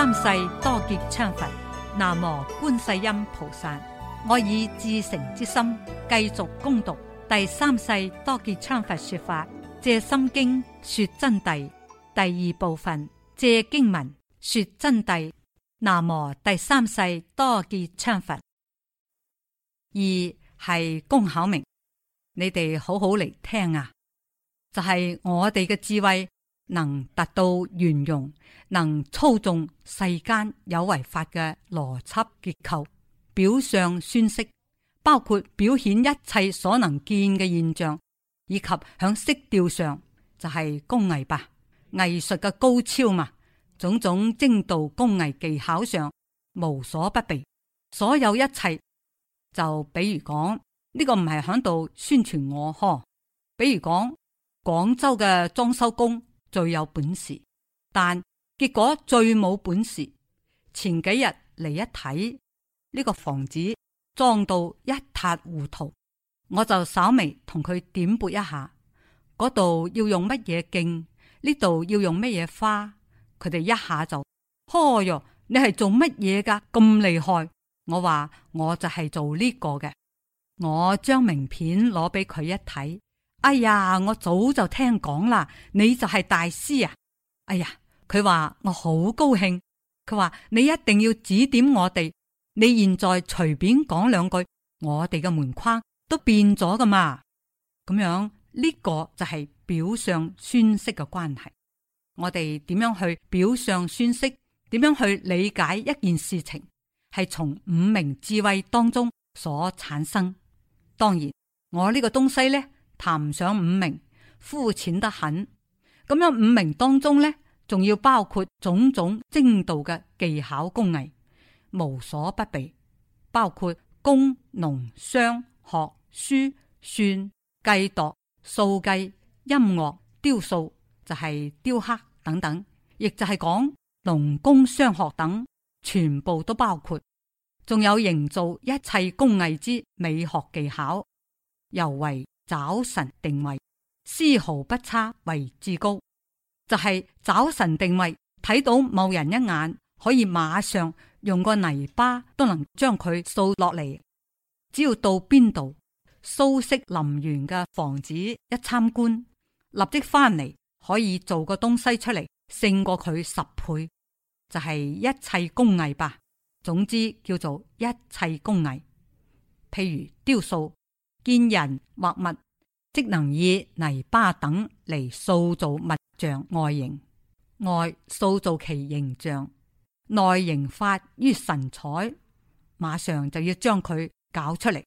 三世多杰羌佛，南無觀世音菩薩。我以至誠之心繼續攻讀第三世多杰羌佛說法，借心經說真諦第二部分，借經文說真諦。南無第三世多杰羌佛。二係工巧明，你哋好好嚟聽啊！就係、是、我哋嘅智慧。能達到圓融，能操縱世間有為法嘅邏輯結構，表上宣釋，包括表現一切所能見嘅現象，以及響色調上就係、是、工藝吧，藝術嘅高超嘛，種種精度、工藝技巧上無所不備，所有一切就比如講呢、這個唔係響度宣傳我呵，比如講廣州嘅裝修工。最有本事，但結果最冇本事。前幾日嚟，一睇呢個房子裝到一塌糊塗，我就稍微同佢點撥一下，嗰度要用乜嘢鏡，呢度要用乜嘢花，佢哋一下就，呵喲，你係做乜嘢噶咁厲害？我話我就係做呢個嘅，我將名片攞俾佢一睇。哎呀，我早就聽講啦，你就係大師啊！哎呀，佢話我好高興，佢話你一定要指點我哋。你現在隨便講兩句，我哋嘅門框都變咗㗎嘛？咁樣呢個就係表上宣釋嘅關係。我哋點樣去表上宣釋？點樣去理解一件事情係從五明智慧當中所產生？當然，我呢個東西呢。談上五明，膚淺得很。咁樣五明當中呢，仲要包括種種精度嘅技巧工藝，無所不備，包括工農商學書算計度、數計音樂雕塑就係、是、雕刻等等，亦就係講農工商學等全部都包括，仲有營造一切工藝之美學技巧，尤為。找神定位，絲毫不差為至，位置高就係、是、找神定位，睇到某人一眼，可以馬上用個泥巴都能將佢掃落嚟。只要到邊度蘇式林園嘅房子一參觀，立即翻嚟可以做個東西出嚟，勝過佢十倍，就係、是、一切工藝吧。總之叫做一切工藝，譬如雕塑。見人或物，即能以泥巴等嚟塑造物像外形，外塑造其形象，內形發於神采，馬上就要將佢搞出嚟。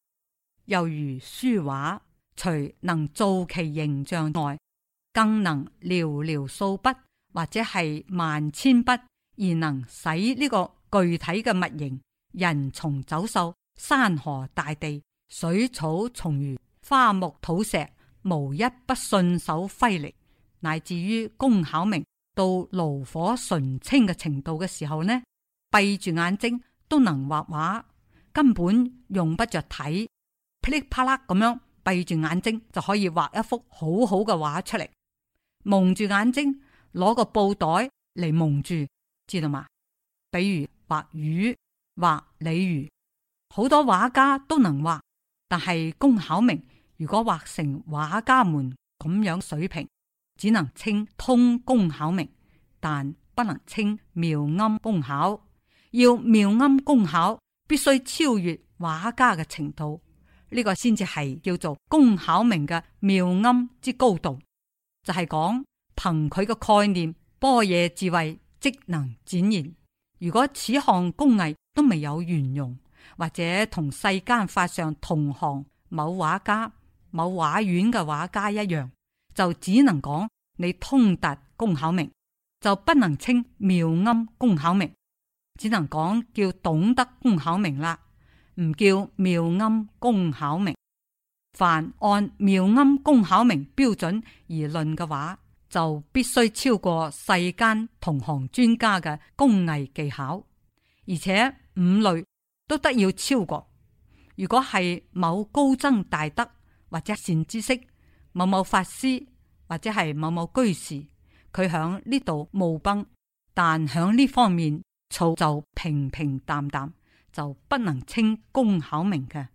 又如書畫，除能造其形象外，更能寥寥數筆或者係萬千筆而能使呢個具體嘅物形，人蟲走獸、山河大地。水草、蟲魚、花木、土石，無一不順手揮力，乃至於工巧明到爐火個純青嘅程度嘅時候呢，閉住眼睛都能畫畫，根本用不着睇，噼里啪啪啦咁樣閉住眼睛就可以畫一幅好好嘅畫出嚟。蒙住眼睛，攞個布袋嚟蒙住，知道嘛？比如畫魚、畫鯉魚，好多畫家都能畫。但係工巧明，如果畫成畫家們咁樣水平，只能稱通工巧明，但不能稱妙庵工巧。要妙庵工巧，必須超越畫家嘅程度，呢、這個先至係叫做工巧明嘅妙庵之高度。就係、是、講憑佢嘅概念、般若智慧，即能展現。如果此項工藝都未有圓融，或者同世間法上同行某畫家、某畫院嘅畫家一樣，就只能講你通達工巧明，就不能稱妙庵工巧明，只能講叫懂得工巧明啦，唔叫妙庵工巧明。凡按妙庵工巧明標準而論嘅話，就必須超過世間同行專家嘅工藝技巧，而且五類。都得要超過，如果係某高僧大德或者善知識，某某法師或者係某某居士，佢響呢度冒崩，但響呢方面嘈，就平平淡淡，就不能稱功巧明。嘅，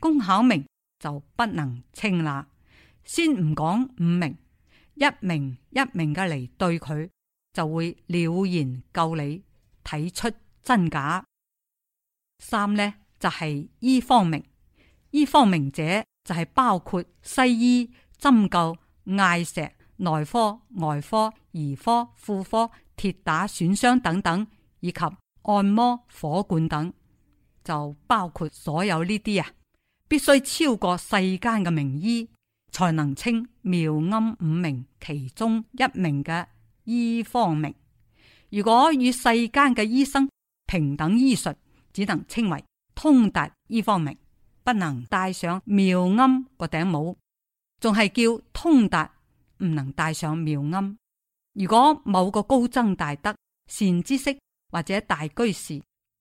功巧明就不能稱啦。先唔講五明，一明一明嘅嚟對佢，就會了然夠你睇出真假。三呢，就係、是、醫方明。醫方明者就係包括西醫針灸、艾石、內科、外科、兒科、婦科、跌打損傷等等，以及按摩、火罐等，就包括所有呢啲啊，必須超過世間嘅名醫，才能稱妙庵五明其中一名嘅醫方明。如果與世間嘅醫生平等醫術。只能稱為通達醫方明，不能戴上妙庵個頂帽，仲係叫通達，唔能戴上妙庵。如果某個高僧大德、善知識或者大居士，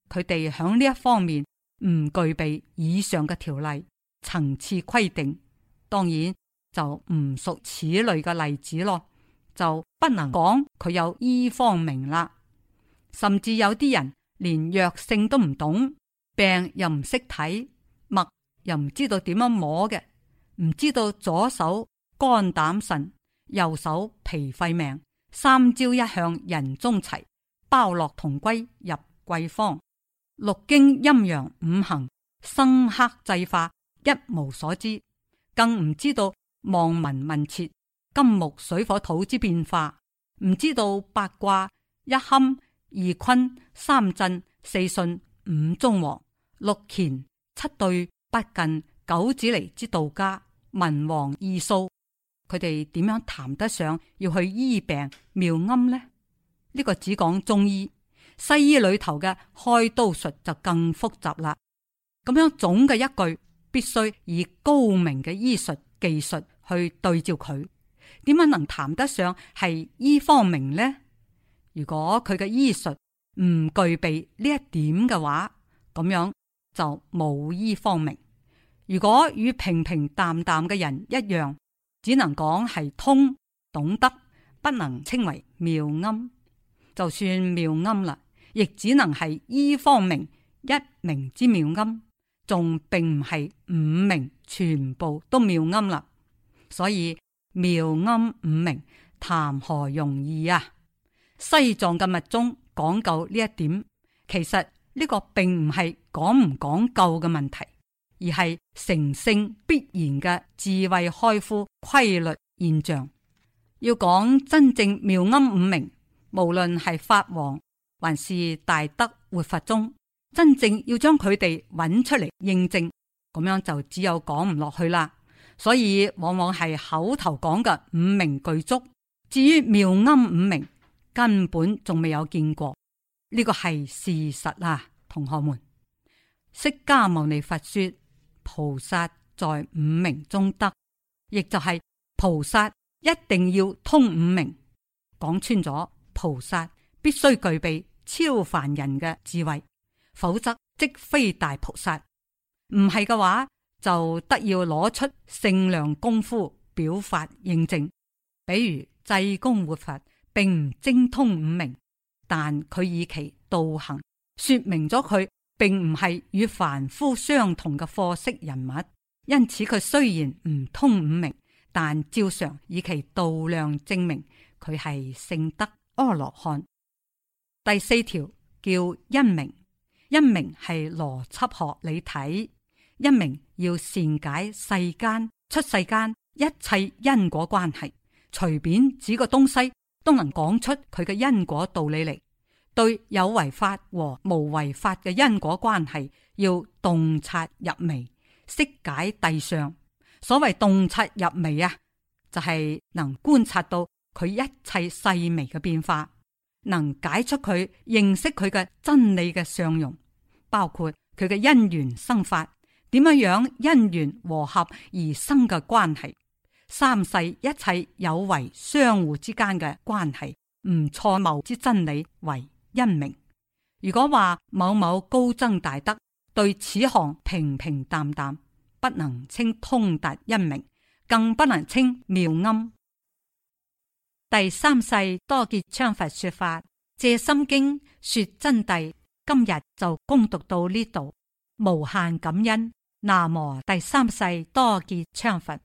佢哋響呢一方面唔具備以上嘅條例層次規定，當然就唔屬此類嘅例子咯，就不能講佢有醫方明啦。甚至有啲人。連藥性都唔懂，病又唔識睇，脈又唔知道點樣摸嘅，唔知道左手肝膽腎，右手脾肺、肺命，三焦一向人中齊，包落同歸入桂方，六經陰陽五行生克制化一無所知，更唔知道望聞問切金木水火土之變化，唔知道八卦一坎。二坤三震四巽，五中黃，六乾七兌，八艮，九子離之道家文王二蘇，佢哋點樣談得上要去醫病妙庵呢？呢、呢個只講中醫，西醫裏頭嘅開刀術就更複雜啦。咁樣總嘅一句，必須以高明嘅醫術技術去對照佢，點樣能談得上係醫方明呢？如果佢嘅醫術唔具備呢一點嘅話，咁樣就冇醫方明。如果與平平淡淡嘅人一樣，只能講係通懂得，不能稱為妙諳。就算妙諳啦，亦只能係醫方明一明之妙諳，仲並唔係五明全部都妙諳啦。所以妙諳五明談何容易啊！西藏嘅密宗講究呢一點，其實呢個並唔係講唔講究嘅問題，而係成聖必然嘅智慧開闊規律現象。要講真正妙音五明，無論係法王還是大德活佛中，真正要將佢哋揾出嚟認證，咁樣就只有講唔落去啦。所以往往係口頭講嘅五明具足，至於妙音五明。根本仲未有見過，呢、這個係事實啊！同學們，釋迦牟尼佛說，菩薩在五明中得，亦就係菩薩一定要通五明。講穿咗，菩薩必須具備超凡人嘅智慧，否則即非大菩薩。唔係嘅話，就得要攞出聖量功夫表法認證，比如濟公活佛。並唔精通五明，但佢以其道行說明咗佢並唔係與凡夫相同嘅貨色人物。因此佢雖然唔通五明，但照常以其道量證明佢係聖德阿羅漢。第四條叫因明，因明係邏輯學理體。你睇因明要善解世間出世間一切因果關係，隨便指個東西。都能講出佢嘅因果道理嚟，對有為法和無為法嘅因果關係要洞察入微，釋解諦相，所謂洞察入微啊，就係、是、能觀察到佢一切細微嘅變化，能解出佢認識佢嘅真理嘅相容，包括佢嘅因緣生法點樣樣因緣和合而生嘅關係。三世一切有為相互之間嘅關係，唔錯謬之真理為因明。如果話某某高僧大德對此項平平淡淡，不能稱通達因明，更不能稱妙音。第三世多杰羌佛說法，藉心經說真諦。今日就恭讀到呢度，無限感恩。那麼第三世多杰羌佛。